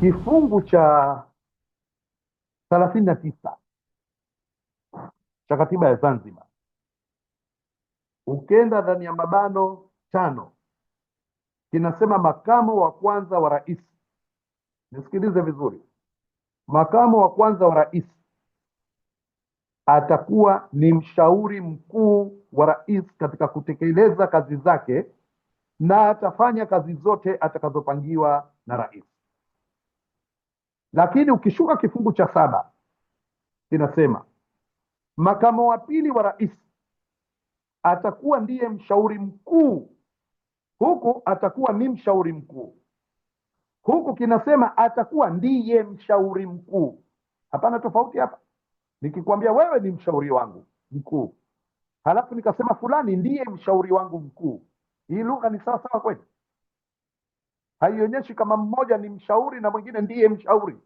Kifungu cha thelathini na tisa cha katiba ya Zanzibar, ukenda ndani ya mabano tano kinasema makamo wa kwanza wa rais, nisikilize vizuri, makamo wa kwanza wa rais atakuwa ni mshauri mkuu wa rais katika kutekeleza kazi zake na atafanya kazi zote atakazopangiwa na rais. Lakini ukishuka kifungu cha saba kinasema makamo wa pili wa rais atakuwa ndiye mshauri mkuu, huku atakuwa ni mshauri mkuu, huku kinasema atakuwa ndiye mshauri mkuu. Hapana tofauti hapa. Nikikwambia wewe ni mshauri wangu mkuu, halafu nikasema fulani ndiye mshauri wangu mkuu, hii lugha ni sawasawa kweli? Haionyeshi kama mmoja ni mshauri na mwingine ndiye mshauri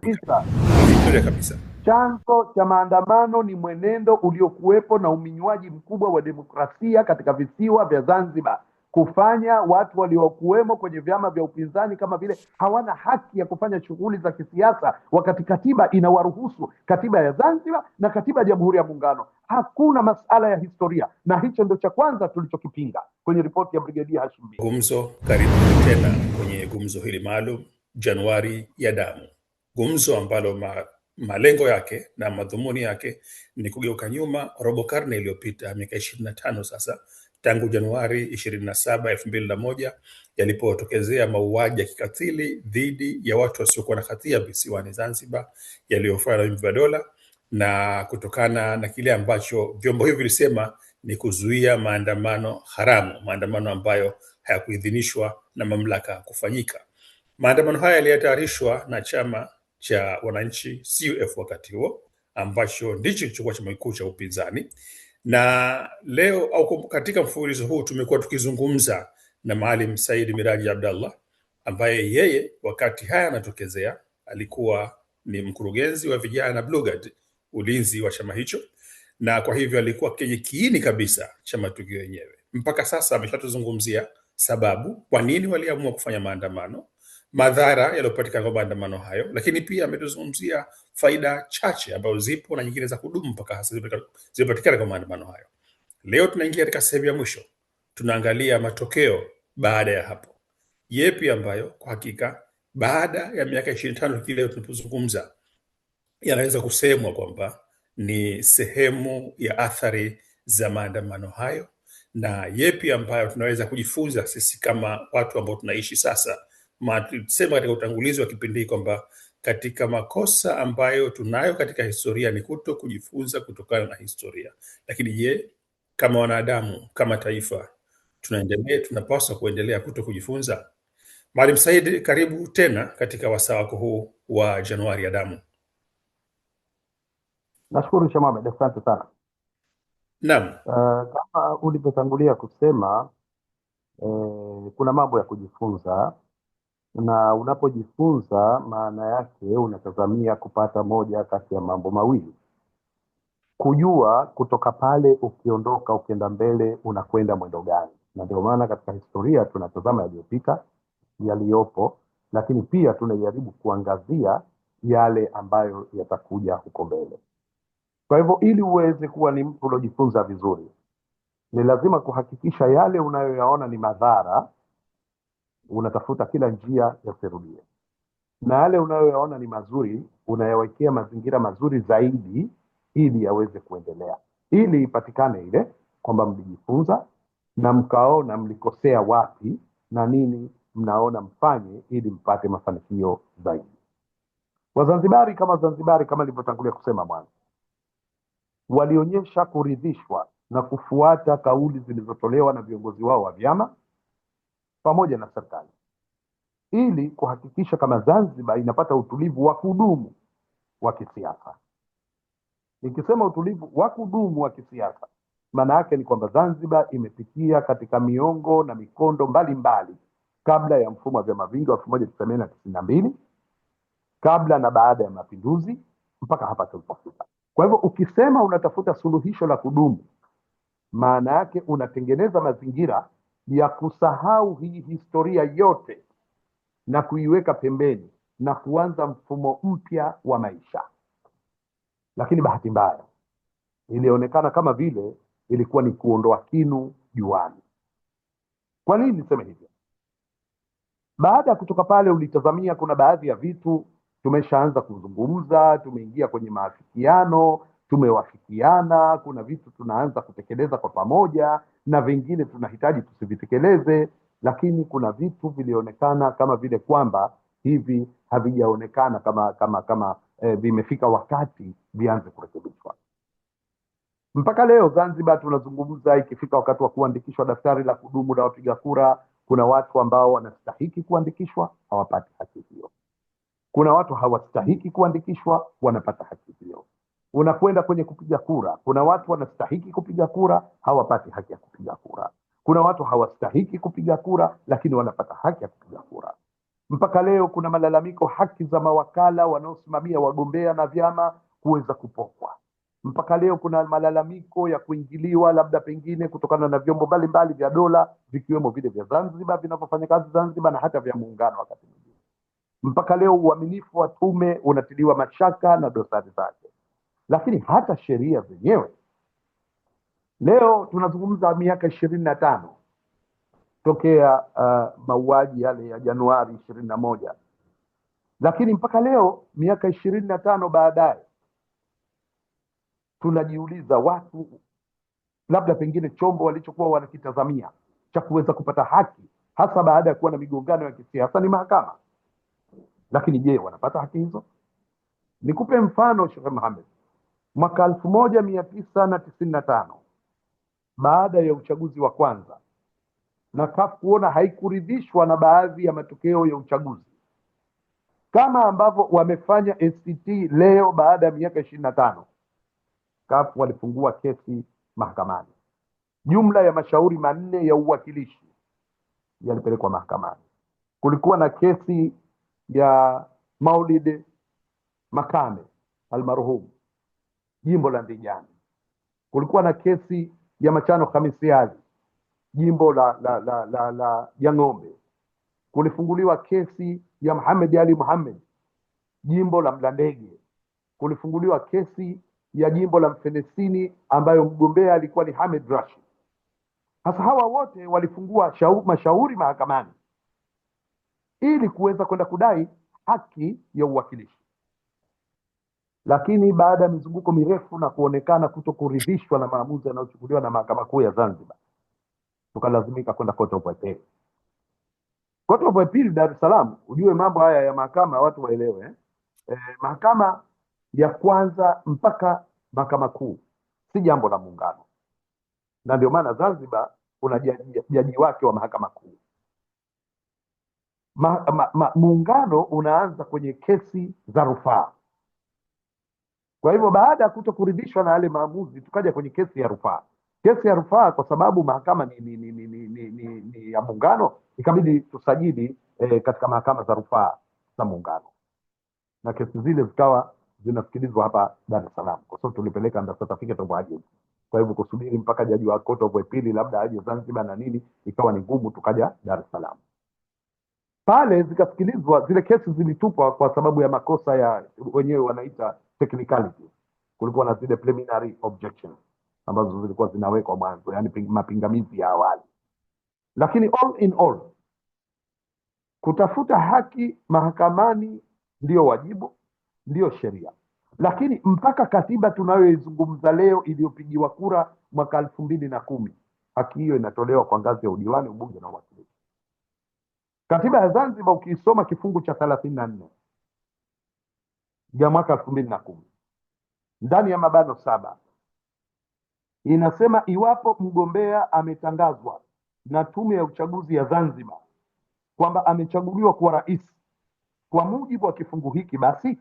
tisa. Victoria kabisa. Chanzo cha maandamano ni mwenendo uliokuwepo na uminywaji mkubwa wa demokrasia katika visiwa vya Zanzibar, kufanya watu waliokuwemo kwenye vyama vya upinzani kama vile hawana haki ya kufanya shughuli za kisiasa, wakati katiba inawaruhusu, katiba ya Zanzibar na katiba ya Jamhuri ya Muungano. Hakuna masala ya historia, na hicho ndo cha kwanza tulichokipinga kwenye ripoti ya Brigedia Hashim. Gumzo, karibu tena kwenye gumzo hili maalum, Januari ya Damu gumzo ambalo ma, malengo yake na madhumuni yake ni kugeuka nyuma robo karne iliyopita, miaka ishirini na tano sasa tangu Januari ishirini na saba elfu mbili na moja yalipotokezea mauaji ya kikatili dhidi ya watu wasiokuwa na hatia visiwani Zanzibar yaliyofanywa na vyombo vya dola na kutokana na kile ambacho vyombo hivyo vilisema ni kuzuia maandamano haramu, maandamano ambayo hayakuidhinishwa na mamlaka kufanyika. Maandamano haya yaliyotayarishwa na chama cha wananchi CUF wakati huo ambacho ndicho kilichokuwa chama kikuu cha upinzani. Na leo au katika mfululizo huu tumekuwa tukizungumza na Maalim Said Miraji Abdallah ambaye yeye wakati haya anatokezea alikuwa ni mkurugenzi wa vijana na ulinzi wa chama hicho, na kwa hivyo alikuwa kenye kiini kabisa cha matukio yenyewe. Mpaka sasa ameshatuzungumzia sababu kwa nini waliamua kufanya maandamano madhara yaliyopatikana kwa maandamano hayo, lakini pia ametuzungumzia faida chache ambazo zipo na nyingine za kudumu mpaka hasa zilizopatikana kwa maandamano hayo. Leo tunaingia katika sehemu ya mwisho, tunaangalia matokeo baada ya hapo, yepi ambayo kwa hakika baada ya miaka ishirini na tano leo tunapozungumza yanaweza kusemwa kwamba ni sehemu ya athari za maandamano hayo, na yepi ambayo tunaweza kujifunza sisi kama watu ambao tunaishi sasa tulisema katika utangulizi wa kipindi hii kwamba katika makosa ambayo tunayo katika historia ni kuto kujifunza kutokana na historia. Lakini je, kama wanadamu, kama taifa, tunaendelea tunapaswa kuendelea kuto kujifunza? Maalim Said, karibu tena katika wasaa wako huu wa Januari ya Damu. Nashukuru Shamabe, asante sana. Naam, uh, kama ulivyotangulia kusema eh, kuna mambo ya kujifunza na unapojifunza, maana yake unatazamia kupata moja kati ya mambo mawili: kujua kutoka pale ukiondoka, ukienda mbele, unakwenda mwendo gani. Na ndio maana katika historia tunatazama yaliyopita, yaliyopo, lakini pia tunajaribu kuangazia yale ambayo yatakuja huko mbele. Kwa hivyo, ili uweze kuwa ni mtu uliojifunza vizuri, ni lazima kuhakikisha yale unayoyaona ni madhara unatafuta kila njia yasirudie, na yale unayoyaona ni mazuri unayawekea mazingira mazuri zaidi ili yaweze kuendelea, ili ipatikane ile kwamba mlijifunza na mkaona mlikosea wapi na nini mnaona mfanye ili mpate mafanikio zaidi. Wazanzibari kama Zanzibari, kama nilivyotangulia kusema mwanzo, walionyesha kuridhishwa na kufuata kauli zilizotolewa na viongozi wao wa vyama pamoja na serikali ili kuhakikisha kama Zanzibar inapata utulivu wa kudumu wa kisiasa. Nikisema utulivu wa kudumu wa kisiasa, maana yake ni kwamba Zanzibar imepitia katika miongo na mikondo mbalimbali mbali, kabla ya mfumo wa vyama vingi wa elfu moja tisa mia tisini na mbili kabla na baada ya mapinduzi mpaka hapa tulipofika. Kwa hivyo ukisema unatafuta suluhisho la kudumu, maana yake unatengeneza mazingira ya kusahau hii historia yote na kuiweka pembeni na kuanza mfumo mpya wa maisha. Lakini bahati mbaya ilionekana kama vile ilikuwa ni kuondoa kinu juani. Kwa nini niseme hivyo? Baada ya kutoka pale, ulitazamia kuna baadhi ya vitu tumeshaanza kuzungumza, tumeingia kwenye maafikiano tumewafikiana, kuna vitu tunaanza kutekeleza kwa pamoja, na vingine tunahitaji tusivitekeleze, lakini kuna vitu vilionekana kama vile kwamba hivi havijaonekana kama kama kama eh, vimefika wakati vianze kurekebishwa. Mpaka leo Zanzibar tunazungumza, ikifika wakati wa kuandikishwa daftari la kudumu la wapiga kura, kuna watu ambao wanastahiki kuandikishwa hawapati haki hiyo, kuna watu hawastahiki kuandikishwa wanapata haki hiyo unakwenda kwenye kupiga kura, kuna watu wanastahiki kupiga kura, hawapati haki ya kupiga kura. Kuna watu hawastahiki kupiga kura, lakini wanapata haki ya kupiga kura. Mpaka leo kuna malalamiko haki za mawakala wanaosimamia wagombea na vyama kuweza kupokwa. Mpaka leo kuna malalamiko ya kuingiliwa labda pengine kutokana na vyombo mbalimbali vya dola vikiwemo vile vya Zanzibar vinavyofanya kazi Zanzibar na hata vya muungano wakati mwingine. Mpaka leo uaminifu wa tume unatiliwa mashaka na dosari zake lakini hata sheria zenyewe. Leo tunazungumza miaka ishirini na tano tokea uh, mauaji yale ya Januari ishirini na moja lakini mpaka leo miaka ishirini na tano baadaye tunajiuliza watu labda pengine chombo walichokuwa wanakitazamia cha kuweza kupata haki hasa baada ya kuwa na migongano ya kisiasa ni mahakama. Lakini je, wanapata haki hizo? Nikupe mfano Sheikh Mohamed, Mwaka elfu moja mia tisa na tisini na tano baada ya uchaguzi wa kwanza na CUF kuona haikuridhishwa na baadhi ya matokeo ya uchaguzi kama ambavyo wamefanya ACT leo baada ya miaka ishirini na tano CUF walifungua kesi mahakamani. Jumla ya mashauri manne ya uwakilishi yalipelekwa mahakamani. Kulikuwa na kesi ya Maulid Makame almarhumu jimbo la ndijani Kulikuwa na kesi ya Machano Hamisi Ali jimbo la la la la la Jang'ombe. Kulifunguliwa kesi ya Muhammad Ali Muhammad jimbo la Mlandege. Kulifunguliwa kesi ya jimbo la Mfenesini ambayo mgombea alikuwa ni Hamed Rashid. Sasa hawa wote walifungua shau, mashauri mahakamani ili kuweza kwenda kudai haki ya uwakilishi. Lakini baada ya mizunguko mirefu na kuonekana kuto kuridhishwa na maamuzi yanayochukuliwa na mahakama kuu ya Zanzibar, tukalazimika kwenda Court of Appeal. Court of Appeal Dar es Salaam, ujue mambo haya ya mahakama watu waelewe eh? Eh, mahakama ya kwanza mpaka mahakama kuu si jambo la muungano, na ndio maana Zanzibar kuna jaji, jaji wake wa mahakama kuu. Muungano unaanza kwenye kesi za rufaa kwa hivyo baada ya kuto kuridhishwa na yale maamuzi, tukaja kwenye kesi ya rufaa. Kesi ya rufaa kwa sababu mahakama ni, ni, ni, ni, ni, ni, ni ya muungano, ikabidi tusajili eh, katika mahakama za rufaa za muungano, na kesi zile zikawa zinasikilizwa hapa Dar es Salaam, kwa sababu tulipeleka under certificate of Kwa hivyo kusubiri mpaka jaji wa court of appeal labda aje Zanzibar na nini, ikawa ni ngumu, tukaja Dar es Salaam pale zikasikilizwa zile kesi zilitupwa kwa sababu ya makosa ya wenyewe wanaita technicality. Kulikuwa na zile preliminary objections ambazo zilikuwa zinawekwa mwanzo, yani mapingamizi ya awali. Lakini all in all, kutafuta haki mahakamani ndiyo wajibu, ndiyo sheria. Lakini mpaka katiba tunayoizungumza leo iliyopigiwa kura mwaka elfu mbili na kumi haki hiyo inatolewa kwa ngazi ya udiwani, ubunge na Katiba ya Zanzibar ukiisoma kifungu cha thelathini na nne ya mwaka elfu mbili na kumi ndani ya mabano saba inasema iwapo mgombea ametangazwa na Tume ya Uchaguzi ya Zanzibar kwamba amechaguliwa kuwa rais kwa mujibu wa kifungu hiki, basi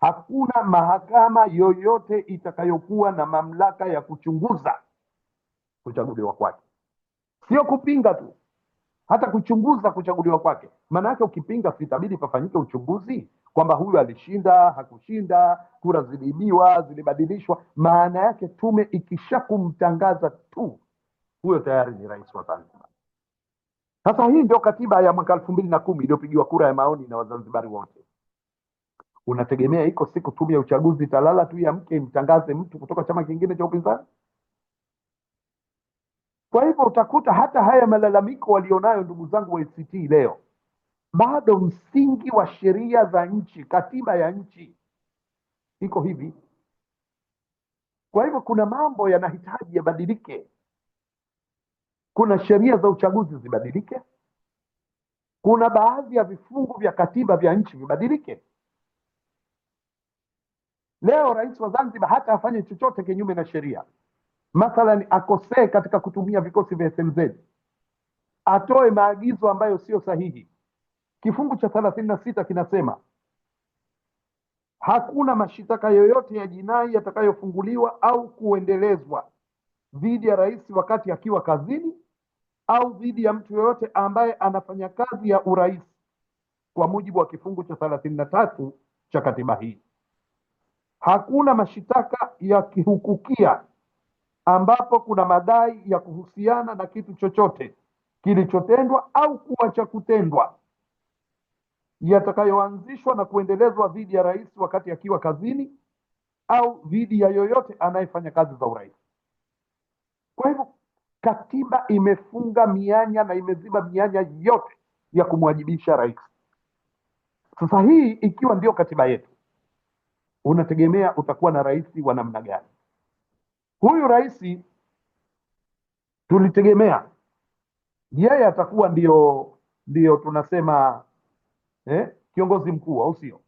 hakuna mahakama yoyote itakayokuwa na mamlaka ya kuchunguza kuchaguliwa kwake, sio kupinga tu hata kuchunguza kuchaguliwa kwake. Maana yake ukipinga, sitabidi pafanyike uchunguzi kwamba huyu alishinda, hakushinda, kura ziliibiwa, zilibadilishwa. Maana yake tume ikishakumtangaza tu huyo tayari ni rais wa Zanzibar. Sasa hii ndio katiba ya mwaka elfu mbili na kumi iliyopigiwa kura ya maoni na Wazanzibari wote. Unategemea iko siku tume ya uchaguzi italala tu ya mke imtangaze mtu kutoka chama kingine cha upinzani? Kwa hivyo utakuta hata haya malalamiko walionayo ndugu zangu wa ACT leo, bado msingi wa sheria za nchi, katiba ya nchi iko hivi. Kwa hivyo kuna mambo yanahitaji yabadilike, kuna sheria za uchaguzi zibadilike, kuna baadhi ya vifungu vya katiba vya nchi vibadilike. Leo rais wa Zanzibar hata afanye chochote kinyume na sheria mathalan akosee katika kutumia vikosi vya SMZ, atoe maagizo ambayo siyo sahihi. Kifungu cha thelathini na sita kinasema hakuna mashitaka yoyote ya jinai yatakayofunguliwa au kuendelezwa dhidi ya rais wakati akiwa kazini au dhidi ya mtu yoyote ambaye anafanya kazi ya urais kwa mujibu wa kifungu cha thelathini na tatu cha katiba hii. Hakuna mashitaka ya kihukukia ambapo kuna madai ya kuhusiana na kitu chochote kilichotendwa au kuwa cha kutendwa yatakayoanzishwa na kuendelezwa dhidi ya rais wakati akiwa kazini au dhidi ya yoyote anayefanya kazi za urais. Kwa hivyo katiba imefunga mianya na imeziba mianya yote ya kumwajibisha rais. Sasa hii ikiwa ndio katiba yetu, unategemea utakuwa na rais wa namna gani? Huyu rais tulitegemea yeye atakuwa ndio ndio tunasema eh, kiongozi mkuu au sio?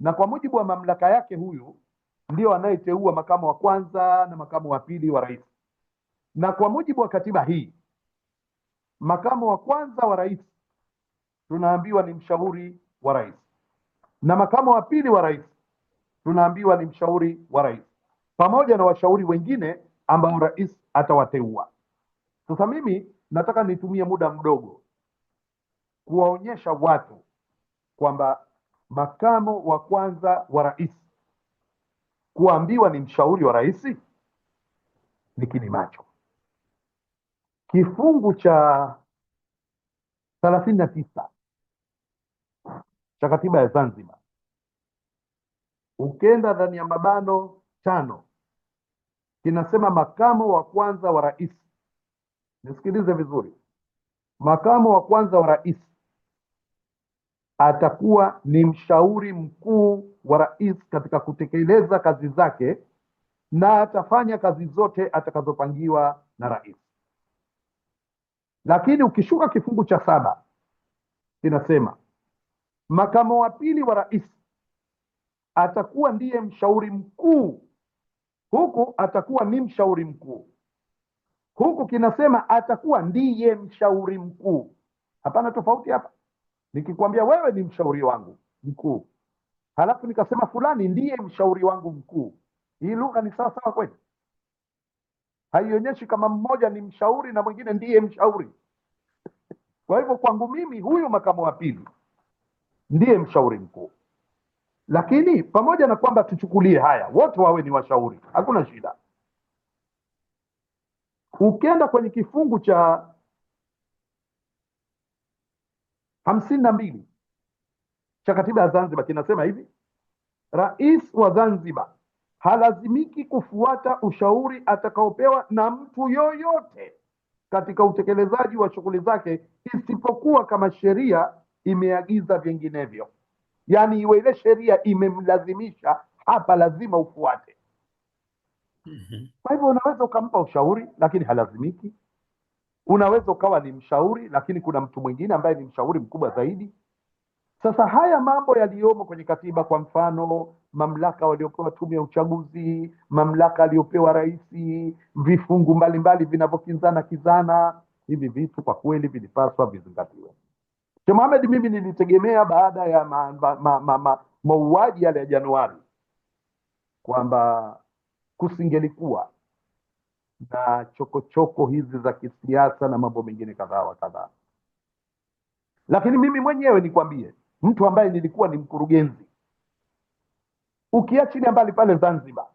Na kwa mujibu wa mamlaka yake huyu ndio anayeteua makamu wa kwanza na makamu wa pili wa rais, na kwa mujibu wa katiba hii makamu wa kwanza wa rais tunaambiwa ni mshauri wa rais, na makamu wa pili wa rais tunaambiwa ni mshauri wa rais pamoja na washauri wengine ambao rais atawateua. Sasa mimi nataka nitumie muda mdogo kuwaonyesha watu kwamba makamo wa kwanza wa rais kuambiwa ni mshauri wa rais ni kini macho. Kifungu cha thelathini na tisa cha katiba ya Zanzibar, ukenda ndani ya mabano tano kinasema makamo wa kwanza wa rais. Nisikilize vizuri, makamo wa kwanza wa rais atakuwa ni mshauri mkuu wa rais katika kutekeleza kazi zake na atafanya kazi zote atakazopangiwa na rais. Lakini ukishuka kifungu cha saba kinasema makamo wa pili wa rais atakuwa ndiye mshauri mkuu huku atakuwa ni mshauri mkuu, huku kinasema atakuwa ndiye mshauri mkuu. Hapana tofauti hapa. Nikikwambia wewe ni mshauri wangu mkuu, halafu nikasema fulani ndiye mshauri wangu mkuu, hii lugha ni sawa sawa kweli? Haionyeshi kama mmoja ni mshauri na mwingine ndiye mshauri. Kwa hivyo kwangu mimi, huyu makamu wa pili ndiye mshauri mkuu. Lakini pamoja na kwamba tuchukulie haya, wote wawe ni washauri, hakuna shida. Ukienda kwenye kifungu cha hamsini na mbili cha katiba ya Zanzibar kinasema hivi: Rais wa Zanzibar halazimiki kufuata ushauri atakaopewa na mtu yoyote katika utekelezaji wa shughuli zake isipokuwa kama sheria imeagiza vinginevyo yani iwe ile sheria imemlazimisha hapa, lazima ufuate. mm -hmm. Kwa hivyo unaweza ukampa ushauri lakini halazimiki. Unaweza ukawa ni mshauri lakini kuna mtu mwingine ambaye ni mshauri mkubwa zaidi. Sasa haya mambo yaliyomo kwenye katiba, kwa mfano mamlaka waliopewa tume ya uchaguzi, mamlaka aliyopewa rais, vifungu mbalimbali vinavyokinzana kizana, hivi vitu kwa kweli vilipaswa vizingatiwe. Sheikh Mohamed, mimi nilitegemea baada ya mauaji ma, ma, ma, yale ya Januari kwamba kusingelikuwa na chokochoko choko hizi za kisiasa na mambo mengine kadhaa wa kadhaa, lakini mimi mwenyewe nikwambie, mtu ambaye nilikuwa ni mkurugenzi ukiachilia mbali pale Zanzibar,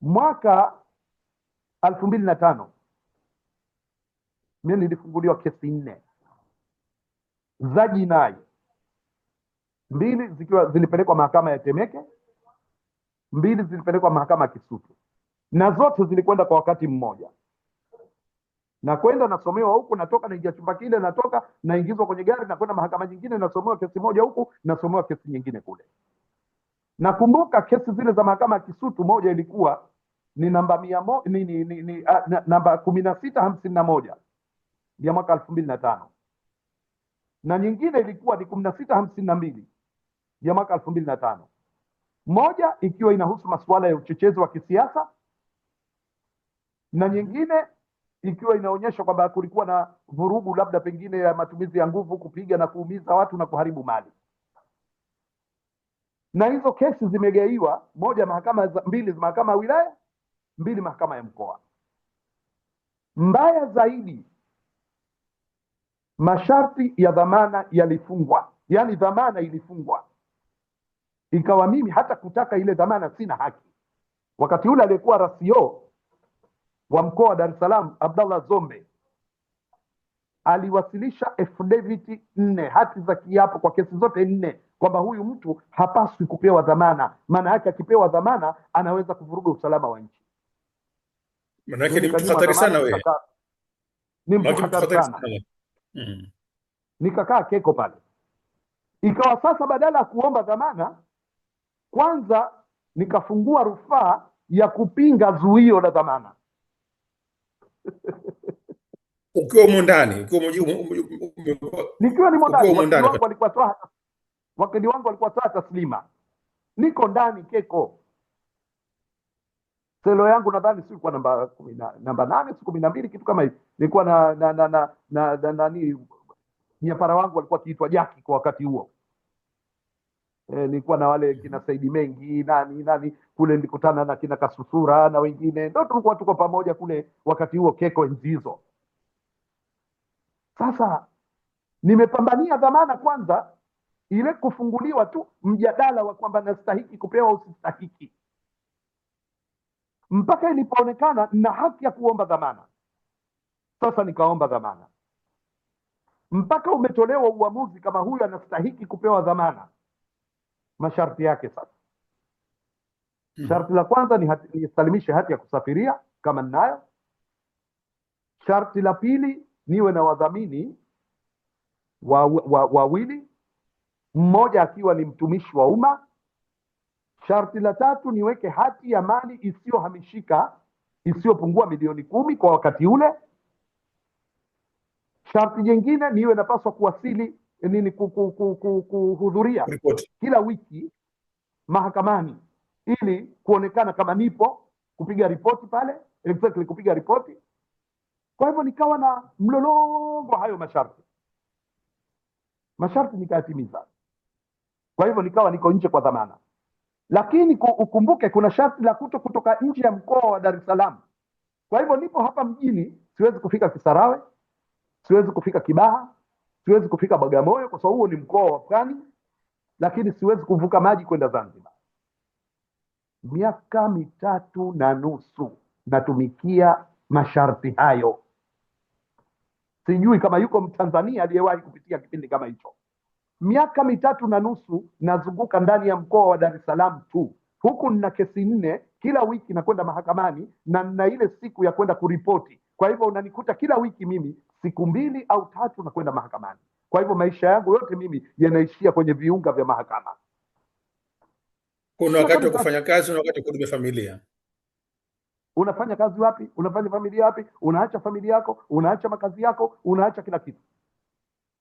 mwaka elfu mbili na tano mimi nilifunguliwa kesi nne za jinai mbili zikiwa zilipelekwa mahakama ya Temeke, mbili zilipelekwa mahakama ya Kisutu, na zote zilikwenda kwa wakati mmoja. na kwenda nasomewa huku, natoka naingia chumba kile, natoka naingizwa kwenye gari, nakwenda mahakama nyingine, nasomewa kesi moja huku, nasomewa kesi nyingine kule. Nakumbuka kesi zile za mahakama ya Kisutu, moja ilikuwa ni namba mia mo, ni, ni, ni, ni, a, namba kumi na sita hamsini na moja ya mwaka elfu mbili na tano na nyingine ilikuwa ni kumi na sita hamsini na mbili ya mwaka elfu mbili na tano moja ikiwa inahusu masuala ya uchochezi wa kisiasa na nyingine ikiwa inaonyesha kwamba kulikuwa na vurugu labda pengine ya matumizi ya nguvu kupiga na kuumiza watu na kuharibu mali. Na hizo kesi zimegaiwa, moja mahakama mbili, mahakama ya wilaya mbili, mahakama ya mkoa. Mbaya zaidi masharti ya dhamana yalifungwa, yaani dhamana ilifungwa, ikawa mimi hata kutaka ile dhamana sina haki. Wakati ule aliyekuwa rasio wa mkoa wa Dar es Salaam Abdallah Zombe aliwasilisha affidavit nne, hati za kiapo kwa kesi zote nne, kwamba huyu mtu hapaswi kupewa dhamana. Maana yake akipewa dhamana anaweza kuvuruga usalama wa nchi. Maana yake ni mtu hatari sana, wewe ni mtu hatari sana mm. keko pale. Ikawa sasa badala ya kuomba dhamana kwanza, nikafungua rufaa ya kupinga zuio la dhamana ukiwa umo ndani, nikiwa nimo ndani, wakili wangu walikuwa toa taslima, niko ndani Keko selo yangu nadhani siku kwa namba nane siku kumi na mbili kitu kama hivi nilikuwa na na na na, na, na, nani nyapara wangu alikuwa akiitwa Jaki kwa wakati huo. E, nilikuwa na wale kina Saidi Mengi nani nani kule, nilikutana na kina Kasusura na wengine, ndio tulikuwa tuko pamoja kule wakati huo, Keko, enzi hizo. Sasa nimepambania dhamana kwanza, ile kufunguliwa tu mjadala wa kwamba nastahiki kupewa au sistahiki, mpaka ilipoonekana na haki ya kuomba dhamana sasa nikaomba dhamana, mpaka umetolewa uamuzi kama huyu anastahiki kupewa dhamana. Masharti yake sasa Hmm. Sharti la kwanza ni hati, nisalimishe hati ya kusafiria kama ninayo. Sharti la pili niwe na wadhamini wawili wa, wa mmoja akiwa ni mtumishi wa umma. Sharti la tatu niweke hati ya mali isiyohamishika isiyopungua milioni kumi kwa wakati ule. Sharti jingine niwe napaswa kuwasili eh, nini, kuhudhuria kila wiki mahakamani ili kuonekana kama nipo, kupiga ripoti pale, exactly kupiga ripoti. Kwa hivyo nikawa na mlolongo hayo masharti, masharti nikayatimiza. Kwa hivyo nikawa niko nje kwa dhamana, lakini ukumbuke kuna sharti la kuto kutoka nje ya mkoa wa Dar es Salaam. Kwa hivyo nipo hapa mjini, siwezi kufika Kisarawe siwezi kufika Kibaha, siwezi kufika Bagamoyo kwa sababu huo ni mkoa wa pwani, lakini siwezi kuvuka maji kwenda Zanzibar. Miaka mitatu na nusu natumikia masharti hayo. Sijui kama yuko Mtanzania aliyewahi kupitia kipindi kama hicho. Miaka mitatu na nusu nazunguka ndani ya mkoa wa Dar es Salaam tu, huku nina kesi nne kila wiki, nakwenda mahakamani na nina ile siku ya kwenda kuripoti. Kwa hivyo unanikuta kila wiki mimi siku mbili au tatu na kwenda mahakamani. Kwa hivyo maisha yangu yote mimi yanaishia kwenye viunga vya mahakama. Kuna wakati wa kufanya kazi, na wakati wa kuhudumia familia. Unafanya kazi wapi? Unafanya familia wapi? Unaacha familia yako, unaacha makazi yako, unaacha kila kitu.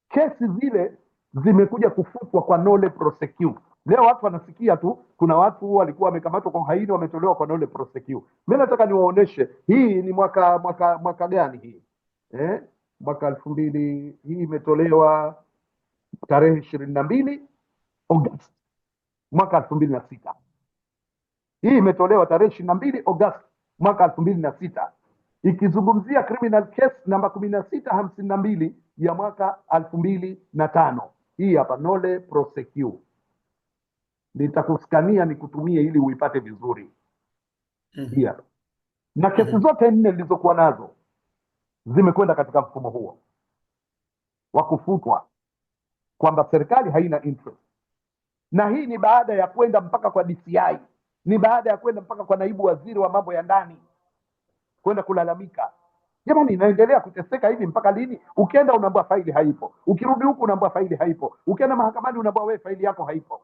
Kesi zile zimekuja kufutwa kwa nole prosecute. Leo watu wanasikia tu, kuna watu walikuwa wamekamatwa kwa uhaini wametolewa kwa nole prosecute. Mimi nataka niwaoneshe hii ni mwaka mwaka mwaka gani hii eh? mwaka elfu mbili hii imetolewa tarehe ishirini na mbili August mwaka elfu mbili na sita hii imetolewa tarehe ishirini na mbili August mwaka elfu mbili na sita ikizungumzia criminal case namba kumi na sita hamsini na mbili ya mwaka elfu mbili na tano hii hapa nole prosecute nitakuskania nikutumie ili uipate vizuri mm -hmm. hii hapa na kesi mm -hmm. zote nne nilizokuwa nazo zimekwenda katika mfumo huo wa kufutwa kwamba serikali haina interest, na hii ni baada ya kwenda mpaka kwa DCI, ni baada ya kwenda mpaka kwa naibu waziri wa mambo ya ndani kwenda kulalamika. Jamani, inaendelea kuteseka hivi mpaka lini? Ukienda unaambiwa faili haipo, ukirudi huku unaambiwa faili haipo, ukienda mahakamani unaambiwa wewe faili yako haipo.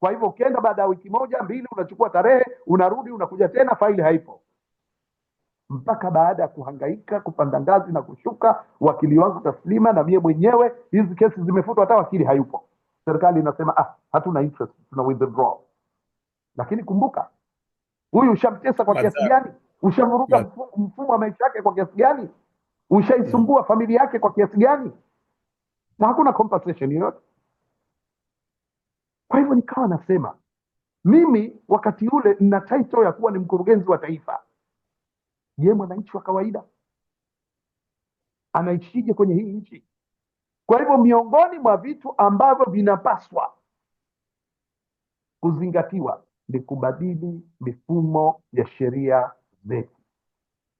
Kwa hivyo ukienda baada ya wiki moja mbili, unachukua tarehe, unarudi, unakuja tena, faili haipo mpaka baada ya kuhangaika kupanda ngazi na kushuka, wakili wangu taslima na mie mwenyewe, hizi kesi zimefutwa, hata wakili hayupo. Serikali inasema ah, hatuna interest, tuna withdraw. Lakini kumbuka, huyu ushamtesa kwa kiasi gani? Ushamvuruga mfumo wa maisha yake kwa kiasi gani? Ushaisumbua yeah, mm. familia yake kwa kiasi gani? Na hakuna compensation yoyote. Kwa hivyo nikawa nasema mimi wakati ule nina title ya kuwa ni mkurugenzi wa taifa Je, mwananchi wa kawaida anaishije kwenye hii nchi? Kwa hivyo miongoni mwa vitu ambavyo vinapaswa kuzingatiwa ni kubadili mifumo ya sheria zetu.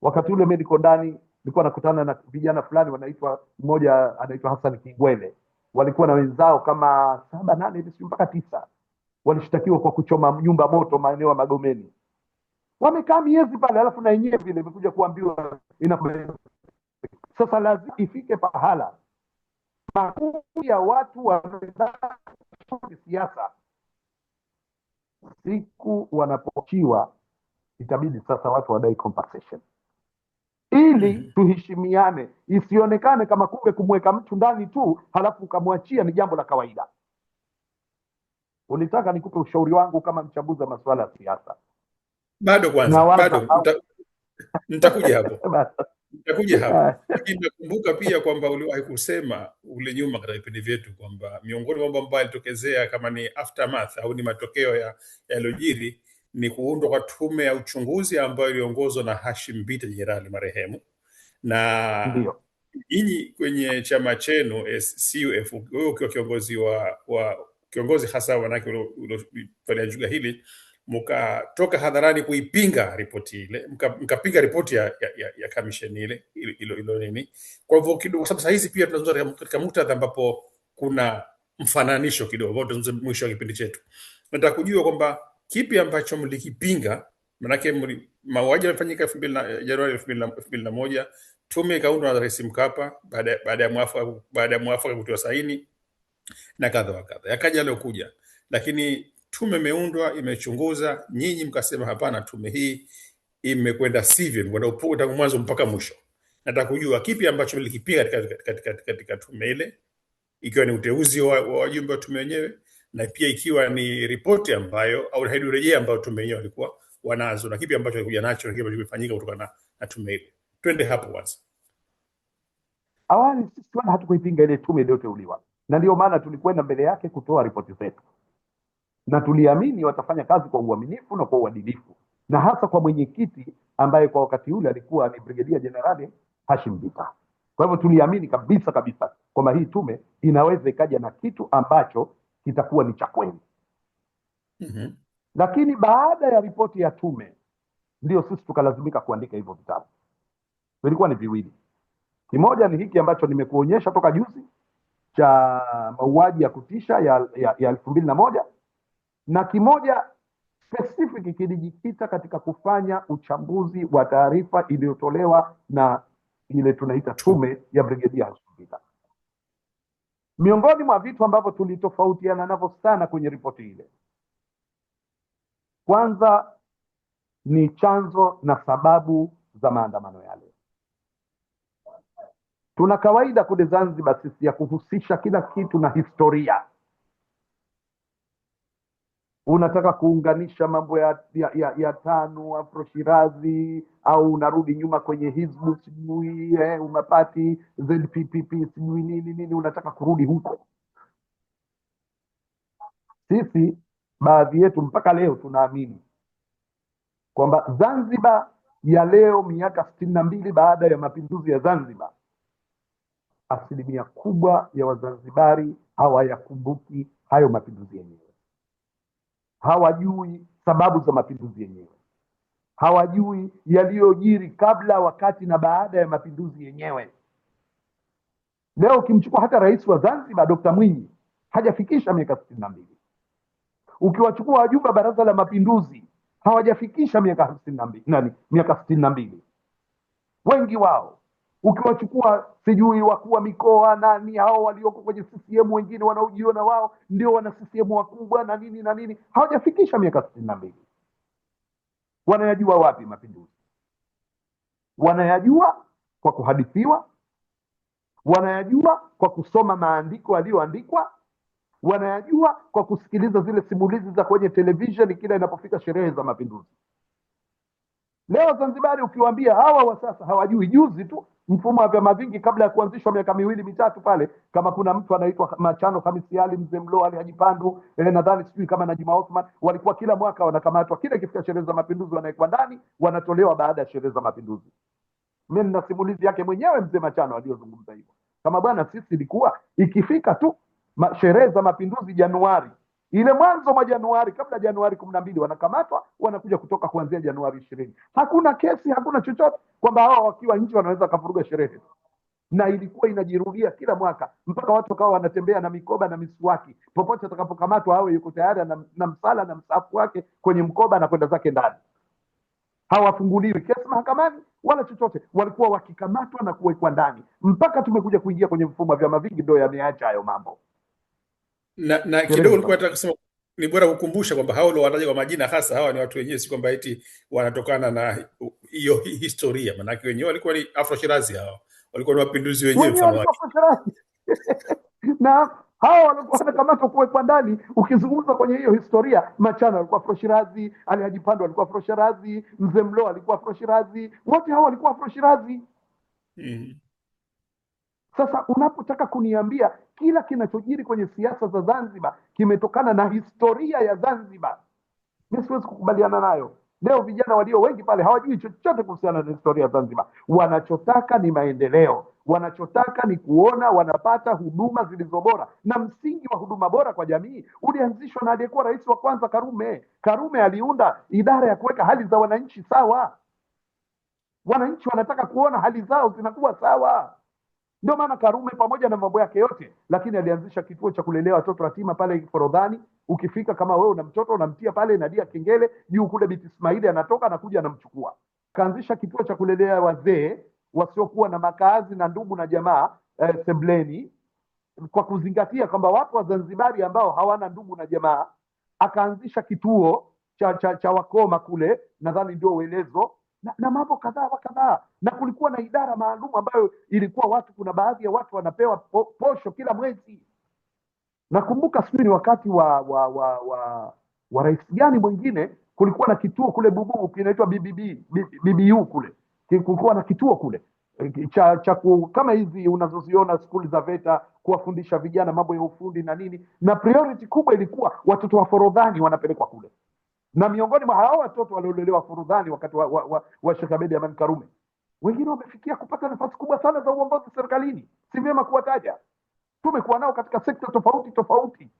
Wakati ule mimi niko ndani, nilikuwa nakutana na vijana fulani wanaitwa, mmoja anaitwa Hassan Kigwele, walikuwa na wenzao kama saba nane hivi mpaka tisa, walishtakiwa kwa kuchoma nyumba moto maeneo ya Magomeni. Wamekaa miezi pale, alafu na yenyewe vile imekuja kuambiwa inapeleka. Sasa lazima ifike pahala makuu ya watu wamezaa siku wanapokiwa itabidi sasa watu wadai compensation ili mm-hmm. tuheshimiane, isionekane kama kumbe kumweka mtu ndani tu halafu ukamwachia ni jambo la kawaida. Ulitaka nikupe ushauri wangu kama mchambuzi wa masuala ya siasa bado kwanza, bado nitakuja hapo nitakuja ah. hapo, lakini nakumbuka pia kwamba uliwahi kusema ule nyuma katika vipindi vyetu kwamba miongoni mambo ambayo yalitokezea kama ni aftermath au ni matokeo ya yaliyojiri ni kuundwa kwa tume ya uchunguzi ambayo iliongozwa na Hashim Bita jenerali marehemu, na nyinyi kwenye chama chenu CUF, wewe ukiwa kiongozi wa, wa kiongozi hasa wanake uliofalia juga hili mkatoka hadharani kuipinga ripoti ile, mkapiga ripoti ya, ya, ya ya kamisheni ile ilo ilo nini. Kwa hivyo kidogo, sababu saa hizi pia tunazungumza katika muktadha ambapo kuna mfananisho kidogo ambao tutazungumza mwisho wa kipindi chetu. Nataka kujua kwamba kipi ambacho mlikipinga, manake mauaji yamefanyika Januari elfu mbili na moja, tume ikaundwa na Rais Mkapa baada ya mwafaka baada ya mwafaka kutiwa saini na kadha wa kadha, yakaja yaliyokuja, lakini tume imeundwa, imechunguza, nyinyi mkasema hapana, tume hii imekwenda sivyo, imekwenda upuku tangu mwanzo mpaka mwisho. Nataka kujua kipi ambacho mlikipiga katika, katika, katika katika, katika tume ile, ikiwa ni uteuzi wa wajumbe wa tume wenyewe na pia ikiwa ni ripoti ambayo au hadi rejea ambayo tume yenyewe walikuwa wanazo na kipi ambacho walikuja nacho na kipi kimefanyika kutoka na, na tume ile. Twende hapo kwanza. Awali sisi wala hatukuipinga ile tume iliyoteuliwa, na ndio maana tulikwenda mbele yake kutoa ripoti zetu na tuliamini watafanya kazi kwa uaminifu na kwa uadilifu, na hasa kwa mwenyekiti ambaye kwa wakati ule alikuwa ni Brigedia Jenerali Hashim Bita. Kwa hivyo tuliamini kabisa kabisa kwamba hii tume inaweza ikaja na kitu ambacho kitakuwa ni cha kweli. mm -hmm. Lakini baada ya ripoti ya tume ndio sisi tukalazimika kuandika hivyo vitabu. Vilikuwa ni viwili, kimoja ni hiki ambacho nimekuonyesha toka juzi cha mauaji ya kutisha ya elfu mbili na moja na kimoja specific kilijikita katika kufanya uchambuzi wa taarifa iliyotolewa na ile tunaita tume ya Brigedia Hachampita. Miongoni mwa vitu ambavyo tulitofautiana navyo sana kwenye ripoti ile, kwanza ni chanzo na sababu za maandamano yale. Tuna kawaida kule Zanzibar sisi ya kuhusisha kila kitu na historia unataka kuunganisha mambo ya, ya, ya, ya tano Afro Shirazi au unarudi nyuma kwenye Hizbu sijui eh, umapati zpp sijui nini nini, unataka kurudi huko. Sisi baadhi yetu mpaka leo tunaamini kwamba Zanzibar ya leo miaka sitini na mbili baada ya mapinduzi ya Zanzibar, asilimia kubwa ya Wazanzibari hawayakumbuki hayo mapinduzi yenyewe hawajui sababu za mapinduzi yenyewe, hawajui yaliyojiri kabla, wakati na baada ya mapinduzi yenyewe. Leo ukimchukua hata rais wa Zanzibar dokta Mwinyi hajafikisha miaka sitini na mbili. Ukiwachukua wajumbe baraza la mapinduzi hawajafikisha miaka na mbili, nani, miaka sitini na mbili wengi wao ukiwachukua sijui wakuu wa mikoa nani hao walioko kwenye CCM wengine wanaojiona wao ndio wana CCM wakubwa na nini na nini, hawajafikisha miaka sitini na mbili. Wanayajua wapi mapinduzi? Wanayajua kwa kuhadithiwa, wanayajua kwa kusoma maandiko yaliyoandikwa, wanayajua kwa kusikiliza zile simulizi za kwenye televisheni kila inapofika sherehe za mapinduzi. Leo Zanzibari ukiwaambia hawa wa sasa hawajui. Juzi tu mfumo wa vyama vingi kabla ya kuanzishwa miaka miwili mitatu pale, kama kuna mtu anaitwa Machano Hamisi Ali, mzee Mlo Ali Haji Pandu, eh, nadhani sijui kama Najima Osman, walikuwa kila mwaka wanakamatwa, kila ikifika sherehe za mapinduzi wanawekwa ndani, wanatolewa baada ya sherehe za mapinduzi. Mi nina simulizi yake mwenyewe mzee Machano aliyozungumza hivyo, kama bwana, sisi ilikuwa ikifika tu sherehe za mapinduzi Januari ile mwanzo mwa Januari, kabla Januari kumi na mbili wanakamatwa, wanakuja kutoka kuanzia Januari ishirini. Hakuna kesi, hakuna chochote, kwamba hao wakiwa nje wanaweza wakavuruga sherehe, na ilikuwa inajirudia kila mwaka mpaka watu wakawa wanatembea na mikoba na miswaki, popote atakapokamatwa awe yuko tayari na, na msala na msafu wake kwenye mkoba na kwenda zake ndani. Hawafunguliwi kesi mahakamani wala chochote, walikuwa wakikamatwa na kuwekwa ndani, mpaka tumekuja kuingia kwenye mfumo wa vyama vingi, ndio yameacha hayo mambo na na kidogo nilikuwa nataka kusema ni bora kukumbusha kwamba hao wanataja kwa majina hasa hawa ni watu wenyewe, si kwamba eti wanatokana na hiyo historia, maanake wenyewe walikuwa ni Afro Shirazi, hawa walikuwa ni wapinduzi wenyewe mfano wake na hawa walikuwa wanakamatwa kuwekwa ndani. Ukizungumza kwenye hiyo historia, Machana alikuwa Shirazi, Ali Haji Pando alikuwa Shirazi, Mzee Mlo alikuwa Shirazi, wote hawa walikuwa Shirazi. mm. Mm-hmm. Sasa unapotaka kuniambia kila kinachojiri kwenye siasa za Zanzibar kimetokana na historia ya Zanzibar. Mi siwezi kukubaliana nayo. Leo vijana walio wengi pale hawajui chochote kuhusiana na historia ya Zanzibar. Wanachotaka ni maendeleo, wanachotaka ni kuona wanapata huduma zilizo bora, na msingi wa huduma bora kwa jamii ulianzishwa na aliyekuwa rais wa kwanza Karume. Karume aliunda idara ya kuweka hali za wananchi sawa. Wananchi wanataka kuona hali zao zinakuwa sawa. Ndio maana Karume pamoja na mambo yake yote, lakini alianzisha kituo cha kulelea watoto yatima pale Forodhani. Ukifika kama wewe una mtoto unamtia pale, nadia kengele juu kule, binti Ismaili anatoka anakuja anamchukua. Kaanzisha kituo cha kulelea wazee wasiokuwa na makazi na ndugu na jamaa eh, Sembleni, kwa kuzingatia kwamba wa Wazanzibari ambao hawana ndugu na jamaa. Akaanzisha kituo cha, cha, cha wakoma kule, nadhani ndio uelezo na, na mambo kadhaa wa kadhaa, na kulikuwa na idara maalum ambayo ilikuwa watu, kuna baadhi ya watu wanapewa po, posho kila mwezi. Nakumbuka sijui ni wakati wa wa wa, wa, wa rais gani mwingine, kulikuwa na kituo kule bubuu kinaitwa BBU kule, kulikuwa na kituo kule eh, cha, cha ku, kama hizi unazoziona skuli za VETA kuwafundisha vijana mambo ya ufundi na nini, na priority kubwa ilikuwa watoto wa Forodhani wanapelekwa kule na miongoni mwa hawa watoto waliolelewa furudhani wakati wa, wa, wa, wa Sheikh Abeid Amani Karume wengine wamefikia kupata nafasi kubwa sana za uongozi serikalini, si vyema kuwataja. Tumekuwa nao katika sekta tofauti tofauti.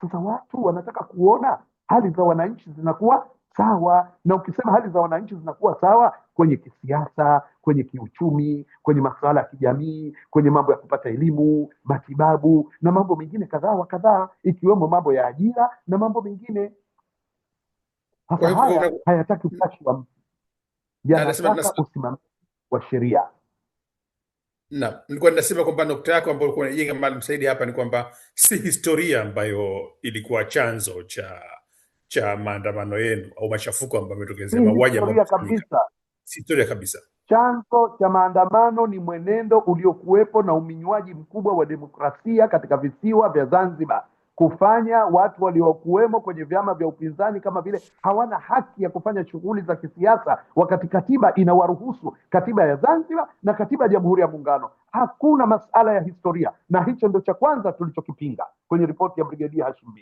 Sasa watu wanataka kuona hali za wananchi zinakuwa sawa, na ukisema hali za wananchi zinakuwa sawa kwenye kisiasa, kwenye kiuchumi, kwenye masuala ya kijamii, kwenye mambo ya kupata elimu, matibabu na mambo mengine kadhaa wa kadhaa, ikiwemo mambo ya ajira na mambo mengine sasa haya hayataki utashi wa mtu, yanataka usimamizi wa sheria. Na nilikuwa ninasema kwamba nukta yako ambayo ulikuwa unajenga Maalim Saidi hapa ni kwamba si historia ambayo ilikuwa chanzo cha cha maandamano yenu au machafuko ambayo ametokezea mauaji ambayo kabisa si historia kabisa. Chanzo cha maandamano ni mwenendo uliokuwepo na uminywaji mkubwa wa demokrasia katika visiwa vya Zanzibar kufanya watu waliokuwemo kwenye vyama vya upinzani kama vile hawana haki ya kufanya shughuli za kisiasa, wakati katiba inawaruhusu, katiba ya Zanzibar na katiba ya Jamhuri ya Muungano. Hakuna masala ya historia, na hicho ndo cha kwanza tulichokipinga kwenye ripoti ya Brigedia Hashim